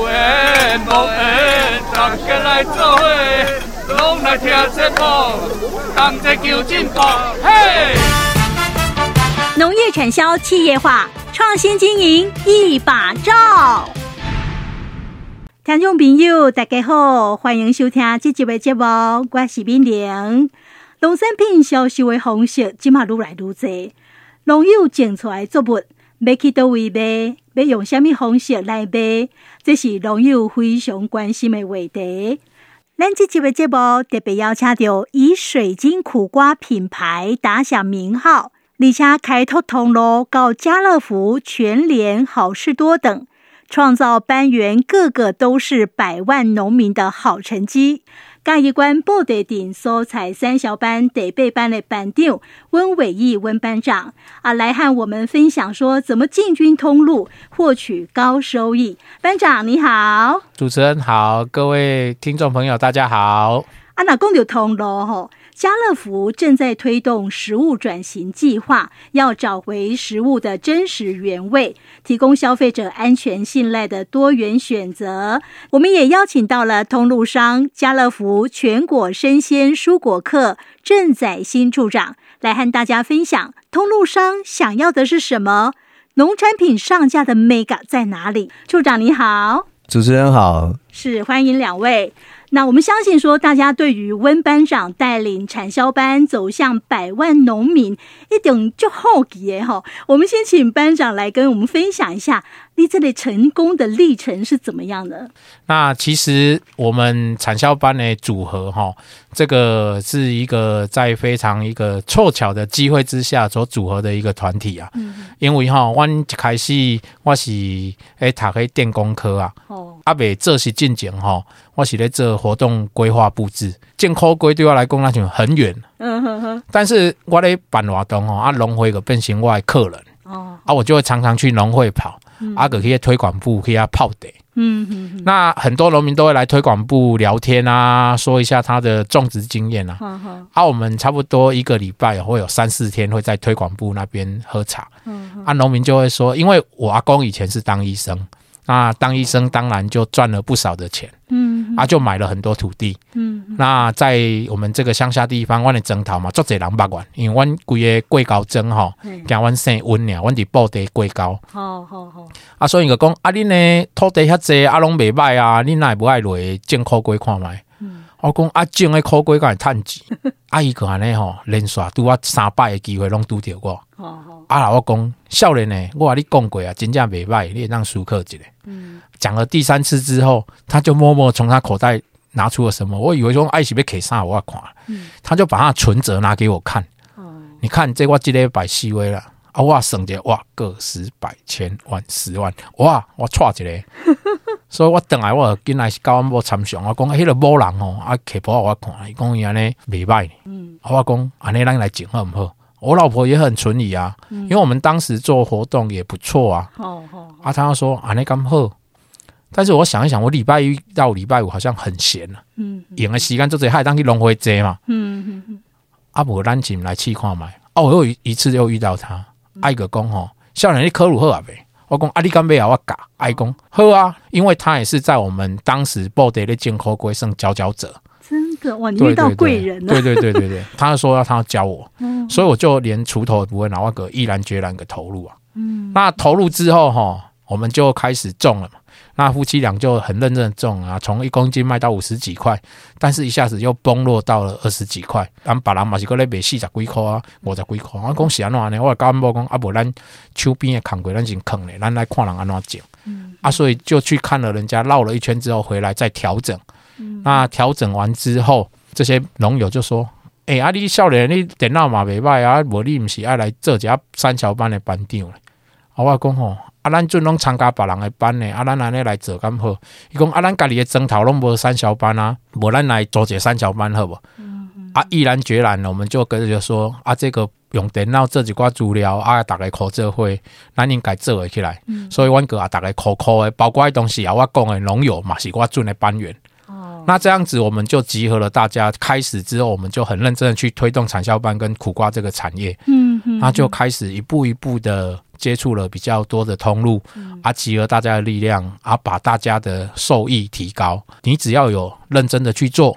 農業產銷企業化，創新經營一把罩。聽眾朋友，大家好，歡迎收聽這集的節目，我是敏玲。農產品銷售的方式今嘛越來越多，農友種出來作物，要去叨位賣？要用什麼方式來賣？這是農業非常關心的話題。咱這期的節目特別邀請到以水晶苦瓜品牌打響名號，而且開拓通路搞家樂福、全聯好市多等，創造班員個個都是百萬農民的好成績。嘉義縣布袋鎮蔬菜產銷班第八班的班長溫偉毅溫班長啊，來和我們分享說怎麼進軍通路，獲取高收益。班長你好，主持人好，各位聽眾朋友大家好。啊，那公牛通路吼？家樂福正在推動食物轉型計劃，要找回食物的真實原味，提供消費者安全信賴的多元選擇。我們也邀請到了通路商家樂福全國生鮮蔬果課鄭載馨處長來和大家分享，通路商想要的是什麼？農產品上架的眉角在哪裡？處長你好，主持人好，是，歡迎兩位。那我們相信說，大家對於溫班長帶領產銷班走向百萬農民，一定就好奇耶哈。我們先請班長來跟我們分享一下，你這裡成功的歷程是怎麼樣的？那其實我們產銷班的組合哈，這個是一個在非常一個湊巧的機會之下所組合的一個團體啊。嗯。因為哈，我一開始我是哎，他開電工科啊。哦。阿貝，這是進前吼，我是咧做活動規劃布置。健康規劃對我來講，那就很遠。但是我在辦活動吼，阿農會變成外客人。哦、嗯。啊，我就會常常去農會跑。嗯。啊，個些推廣部可以泡茶。嗯哼那很多農民都會來推廣部聊天啊，說一下他的種植經驗啊。嗯、呵呵。啊，我們差不多一個禮拜會有三四天會在推廣部那邊喝茶。嗯哼。啊，農民就會說，因為我阿公以前是當醫生。那、啊、當醫生當然就賺了不少的錢，嗯哼，啊就買了很多土地，嗯哼，那在我們這個鄉下地方，我的征討嘛，做賊狼八管，因為灣貴個貴高徵吼，加灣、嗯、生溫倆，灣地布袋貴高，好好好，啊，所以就講，啊你呢土地遐濟，阿攏沒歹啊，你奈不愛來進口過看麥？我講啊，種誒苦瓜敢會趁錢啊？伊講安尼吼，連續拄啊，三擺誒機會攏拄着我。啊，我講少年誒，我甲你講過啊，真正袂歹，你會當輸克一個。講、嗯、了第三次之後，他就默默從他口袋拿出了什麼？我以為說伊是欲提啥，啊、我看。嗯、他就把他存折拿給我看。嗯、你看，這我直接擺細微了。啊！我算着哇，個十百千萬十萬哇！我賺一個。 所以我等來，我跟來是甲阮某參詳我講迄、那個某人哦，啊，起波我看，伊講伊安尼未賣，他說他嗯，啊、我講安尼咱來整好毋好？我老婆也很存疑啊，嗯、因為我們當時做活動也不錯啊，哦哦、嗯，啊，他要說安尼咁好，但是我想一想，我禮拜一到禮拜五好像很閒了，嗯，閒為時間做者，是會當去農會坐嘛，嗯嗯嗯，嗯嗯啊，無咱錢來試看覓，啊，我又一次又遇到他。阿個講吼，校長、啊、你考慮好阿未？我講阿、啊、你幹咩啊說？我講，愛講喝啊，因為他也是在我們當時布袋的進口貴上佼佼者。真的哇，你遇到貴人、啊對對對，對對對對對，他就說要他就教我，嗯、所以我就連鋤頭也不會，拿，我哥毅然決然的投入啊。嗯、那投入之後哈，我們就開始種了嘛。那夫妻倆就很認真的種啊，從一公斤賣到五十幾塊，但是一下子又崩落到了二十幾塊、啊。啊，別人嘛是佫咧賣四十幾塊啊，五十幾塊。我講是安怎安呢？我甲阮某講啊，無咱手邊的空過，咱先扛嘞，咱來看人安怎種。嗯、啊，所以就去看了人家繞了一圈之後回來再調整。嗯、那調整完之後，這些農友就說：“哎、欸，啊，你少年，你電腦嘛袂歹啊？無你毋是愛來做一下產銷班的班長嘞、欸。啊”我講吼。啊，咱陣攏參加別人的班呢，啊，咱安尼來做咁好。伊講啊，咱家己的莊頭攏無產銷班啊，無咱來做一個產銷班好無？嗯嗯、啊，毅然決然，我們就跟着說啊，這個用電腦做這幾寡資料啊，大概可這會，咱應該做會起來。嗯、所以阮個啊，大概考考的，包括迄東西啊，我講的農友嘛，是阮陣的班員。哦，那這樣子，我們就集合了大家，開始之後，我們就很認真的去推動產銷班跟苦瓜這個產業。嗯哼，嗯那就開始一步一步的。接觸了比較多的通路，啊，集合大家的力量，啊，把大家的受益提高。你只要有認真的去做，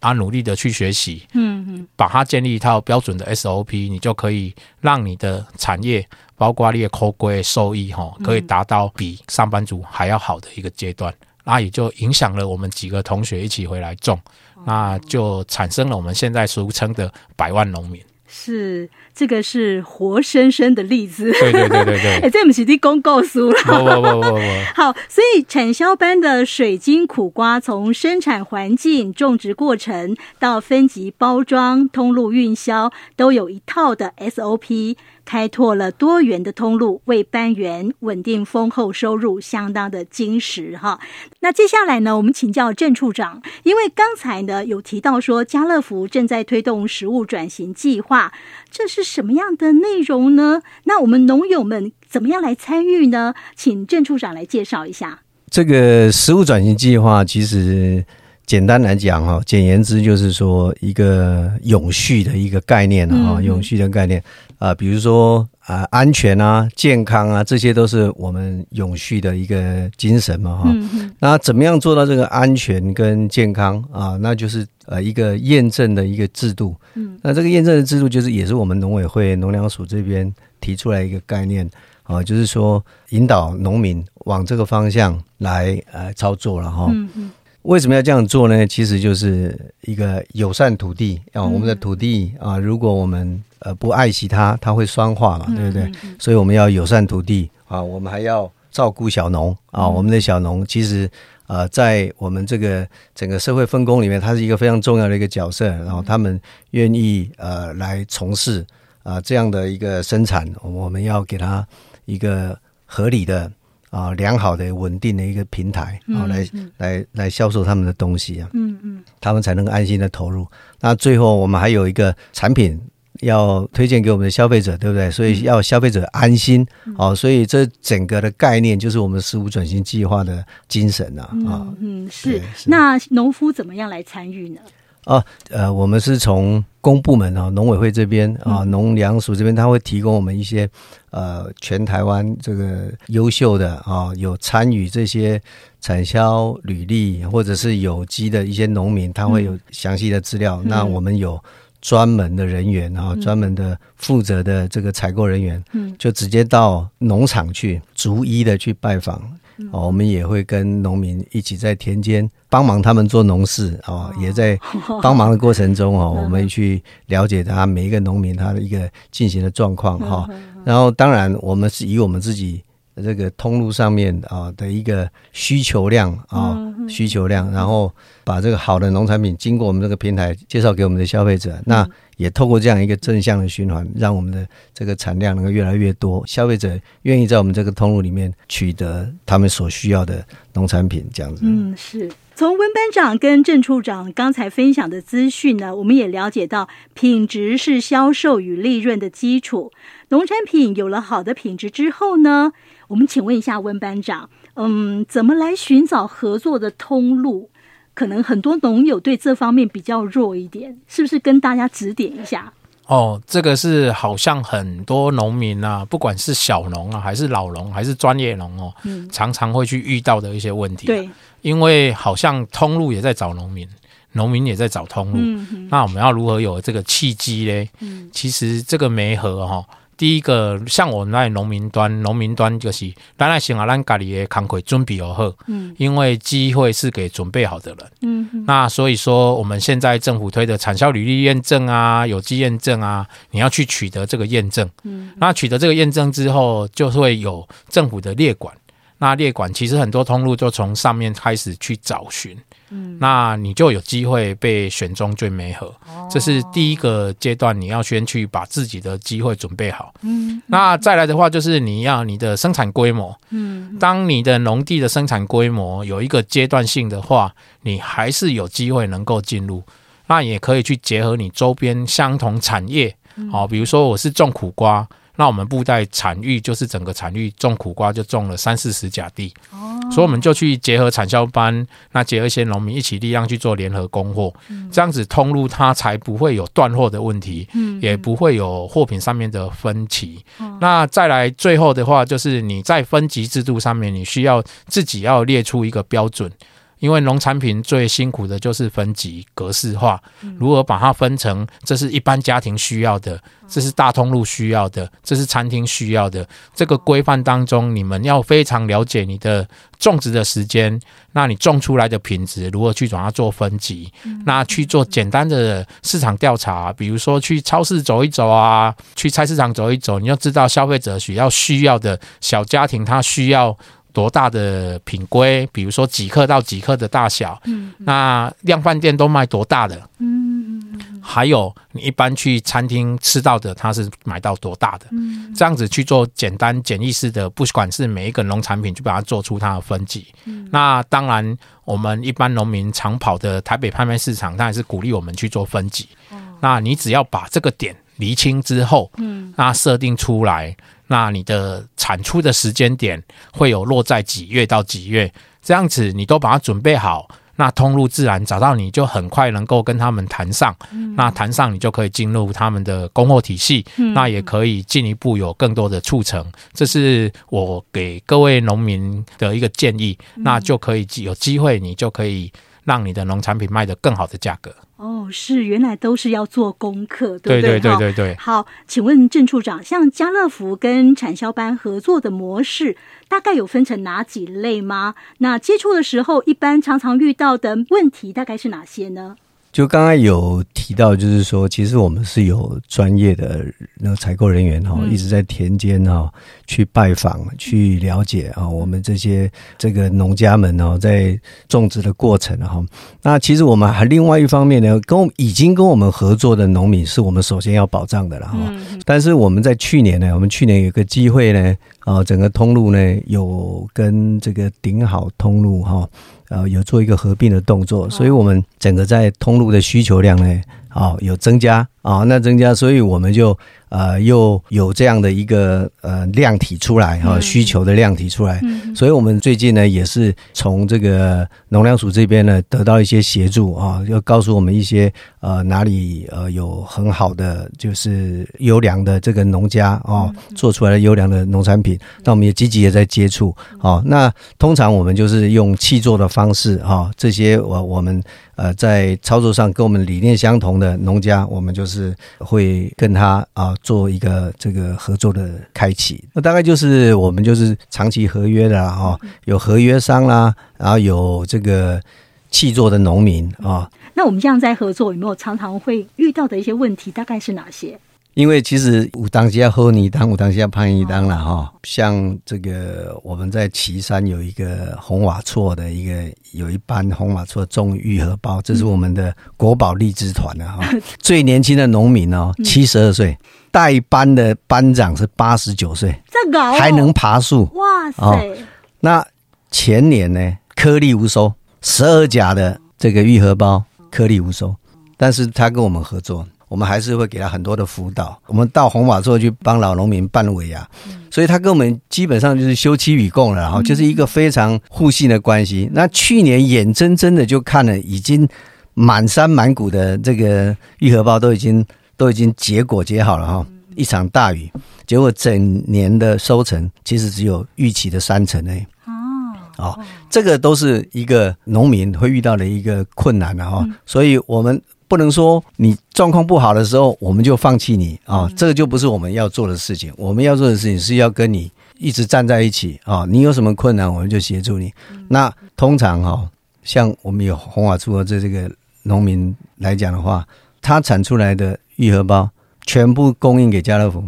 啊，努力的去學習，嗯嗯，把它建立一套標準的 SOP，你就可以讓你的產業，包括你的口碑收益哈、哦，可以達到比上班族還要好的一個階段。那也就影響了我們幾個同學一起回來種，那就產生了我們現在俗稱的百萬農民。是，這個是活生生的例子。 對對對對對，這不是的廣告書了。 好，所以產銷班的水晶苦瓜，從生產環境、種植過程到分級、包裝、通路、運銷，都有一套的 SOP。開拓了多元的通路，為班員穩定豐厚收入，相當的堅實哈。那接下來呢，我們請教鄭處長，因為剛才呢有提到說，家樂福正在推動食物轉型計劃，這是什麼樣的內容呢？那我們農友們怎麼樣來參與呢？請鄭處長來介紹一下。這個食物轉型計劃其實。簡單來講哈，簡言之就是說一個永續的一個概念啊，嗯、永續的概念啊、呃，比如說啊、呃，安全啊、健康啊，這些都是我們永續的一個精神嘛哈。嗯嗯。那怎麼樣做到這個安全跟健康啊、呃，那就是呃一個驗證的一個制度。嗯。那這個驗證的制度就是也是我們農委會農糧署這邊提出來一個概念啊、呃，就是說引導農民往這個方向來呃操作了哈、呃嗯。嗯嗯。為什麼要這樣做呢？其實就是一個友善土地啊、哦，我們的土地啊，如果我們呃不愛惜它，它會酸化嘛，對不對？嗯嗯嗯、所以我們要友善土地啊，我們還要照顧小農啊，我們的小農其實呃，在我們這個整個社會分工裡面，它是一個非常重要的一個角色。然後他們願意呃來從事啊、呃、這樣的一個生產，我們要給他一個合理的。啊，良好的、穩定的一個平台，啊，來、嗯嗯、來來銷售他們的東西啊，嗯嗯，嗯他們才能安心的投入。那最後我們還有一個產品要推薦給我們的消費者，對不對？所以要消費者安心，哦、嗯啊，所以這整個的概念就是我們食物轉型計劃的精神吶、啊，啊嗯，嗯是。是那農夫怎麼樣來參與呢？啊、哦，呃，我們是從公部門啊，農委會這邊啊，農糧署這邊，他會提供我們一些，呃，全台灣這個優秀的啊、哦，有參與這些產銷履歷或者是有機的一些農民，他會有詳細的資料。嗯、那我們有專門的人員啊、嗯哦，專門的負責的這個採購人員，嗯，就直接到農場去，逐一的去拜訪。哦，我們也會跟農民一起在田間幫忙他們做農事啊，哦，也在幫忙的過程中啊，哦，我們去了解他每一個農民他的一個進行的狀況哈。然後，當然我們是以我們自己。這個通路上面啊的一個需求量啊需求量，然後把這個好的農產品經過我們這個平台介紹給我們的消費者，那也透過這樣一個正向的循環，讓我們的這個產量能夠越來越多，消費者願意在我們這個通路裡面取得他們所需要的農產品，這樣子。嗯，是。從溫班長跟鄭處長剛才分享的資訊呢，我們也了解到品質是銷售與利潤的基礎。農產品有了好的品質之後呢。我們請問一下溫班長，嗯，怎麼來尋找合作的通路？可能很多農友對這方面比較弱一點，是不是跟大家指點一下？哦，這個是好像很多農民啊，不管是小農啊，還是老農，還是專業農哦、啊，嗯，常常會去遇到的一些問題。對，因為好像通路也在找農民，農民也在找通路。嗯哼，那我們要如何有這個契機呢？嗯，其實這個媒合哈。第一個像我們在農民端，農民端就是當然先阿咱家裡的功課準備好，嗯，因為機會是給準備好的人，嗯哼，那所以說我們現在政府推的產銷履歷驗證啊，有機驗證啊，你要去取得這個驗證，嗯、那取得這個驗證之後，就會有政府的列管。那列管，其實很多通路就從上面開始去找尋，嗯，那你就有機會被選中最美好，哦、這是第一個階段，你要先去把自己的機會準備好，嗯，那再來的話就是你要你的生產規模，嗯，當你的農地的生產規模有一個階段性的話，你還是有機會能夠進入，那也可以去結合你周邊相同產業，好、哦，比如說我是種苦瓜。那我們布袋產育，就是整個產育種苦瓜就種了三四十甲地，哦、所以我們就去結合產銷班，那結合一些農民一起力量去做聯合供貨，嗯、這樣子通路它才不會有斷貨的問題，嗯、也不會有貨品上面的分歧。嗯、那再來最後的話，就是你在分級制度上面，你需要自己要列出一個標準。因為農產品最辛苦的就是分級格式化，如何把它分成，這是一般家庭需要的，這是大通路需要的，這是餐廳需要的。這個規範當中，你們要非常了解你的種植的時間，那你種出來的品質如何去把它做分級？嗯，那去做簡單的市場調查啊，比如說去超市走一走啊，去菜市場走一走，你要知道消費者需要，需要的小家庭他需要，多大的品規，比如說，幾克到幾克的大小，嗯，嗯，那量販店都賣多大的？嗯，嗯，嗯，還有你一般去餐廳吃到的，它是買到多大的？嗯，嗯，這樣子去做簡單簡易式的，不管是每一個農產品，就把它做出它的分級。嗯，嗯，那當然，我們一般農民常跑的台北拍賣市場，它也是鼓勵我們去做分級。哦，那你只要把這個點。釐清之後，嗯，那設定出來，那你的產出的時間點會有落在幾月到幾月，這樣子你都把它準備好，那通路自然找到你就很快能夠跟他們談上，嗯，那談上你就可以進入他們的供貨體系，嗯，那也可以進一步有更多的促成。這是我給各位農民的一個建議，那就可以有機會，你就可以。讓你的農產品賣得更好的價格。哦，是原來都是要做功課，對不對？對對對對對。好，請問鄭處長，像家樂福跟產銷班合作的模式，大概有分成哪幾類嗎？那接觸的時候，一般常常遇到的問題，大概是哪些呢？就剛才有提到，就是說，其實我們是有專業的那個採購人員哈，嗯、一直在田間哈去拜訪、去了解啊，我們這些這個農家們哦，在種植的過程哈。那其實我們還另外一方面呢，跟已經跟我們合作的農民是我們首先要保障的了哈。嗯、但是我們在去年呢，我們去年有一個機會呢，啊，整個通路呢有跟這個頂好通路哈。呃、哦，有做一個合併的動作，所以我們整個在通路的需求量呢，啊、哦，有增加。啊、哦，那增加，所以我們就呃又有這樣的一個呃量體出來哈、哦，需求的量體出來，mm hmm. 所以我們最近呢也是從這個農糧署這邊呢得到一些協助啊，要、哦、告訴我們一些呃哪裡呃有很好的就是優良的這個農家哦，mm hmm. 做出來的優良的農產品，那我們也積極也在接觸啊、哦。那通常我們就是用契作的方式啊、哦，這些我、呃、我們呃在操作上跟我們理念相同的農家，我們就是。是會跟他啊做一個這個合作的開啟那大概就是我們就是長期合約的哈、啊，有合約商啦、啊，然後有這個契作的農民啊。那我們這樣在合作有沒有常常會遇到的一些問題，大概是哪些？因為其實武當要喝你一當，武當要山一當了哈。啊、像這個我們在岐山有一個紅瓦厝的一個有一班紅瓦厝種玉荷包，這是我們的國寶荔枝團的、啊嗯、最年輕的農民哦，七十二歲，帶班的班長是八十九歲，這個、哦，還能爬樹？哇塞、哦！那前年呢，顆粒無收，十二甲的這個玉荷包顆粒無收，但是他跟我們合作。我們還是會給他很多的輔導。我們到紅馬座去幫老農民辦尾牙啊，嗯、所以他跟我們基本上就是休戚與共了哈，嗯、就是一個非常互信的關係。那去年眼睜睜的就看了，已經滿山滿谷的這個玉荷包都已經都已經結果結好了哈。一場大雨，結果整年的收成其實只有預期的三成嘞。哦，哦，這個都是一個農民會遇到的一個困難的哈。所以我們。不能說你狀況不好的時候我們就放棄你啊、哦，這個就不是我們要做的事情。我們要做的事情是要跟你一直站在一起啊、哦，你有什麼困難我們就協助你。嗯、那通常哈、哦，像我們有紅瓦厝這這個農民來講的話，他產出來的玉荷包全部供應給家樂福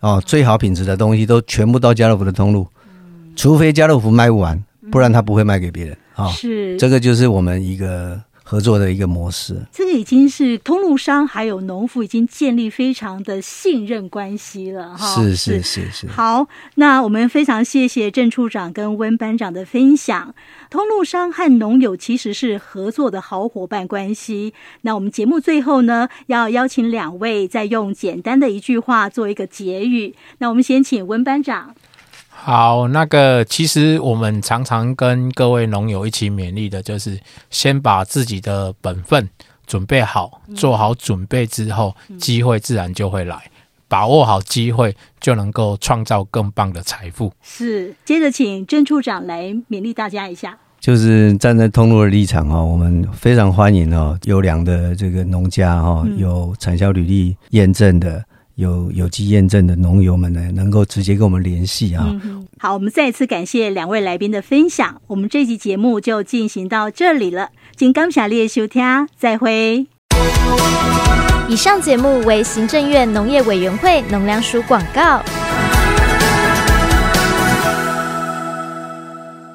啊、哦，最好品質的東西都全部到家樂福的通路，嗯、除非家樂福賣不完，不然他不會賣給別人啊。嗯哦、是這個就是我們一個合作的一個模式，這個已經是通路商還有農夫已經建立非常的信任關係了哈。是是是是。好，那我們非常謝謝鄭處長跟溫班長的分享。通路商和農友其實是合作的好夥伴關係。那我們節目最後呢，要邀請兩位再用簡單的一句話做一個結語。那我們先請溫班長。好，那個其實我們常常跟各位農友一起勉勵的，就是先把自己的本分準備好，做好準備之後，機會自然就會來，把握好機會就能夠創造更棒的財富。是，接着請鄭處長來勉勵大家一下。就是站在通路的立場哦，我們非常歡迎哦優良的這個農家哦，有產銷履歷驗證的。有有機驗證的農友們呢，能夠直接跟我們聯繫啊，嗯！好，我們再次感謝兩位來賓的分享，我們這期節目就進行到這裡了。真感謝你的收聽，再會。以上節目為行政院農業委員會農糧署廣告。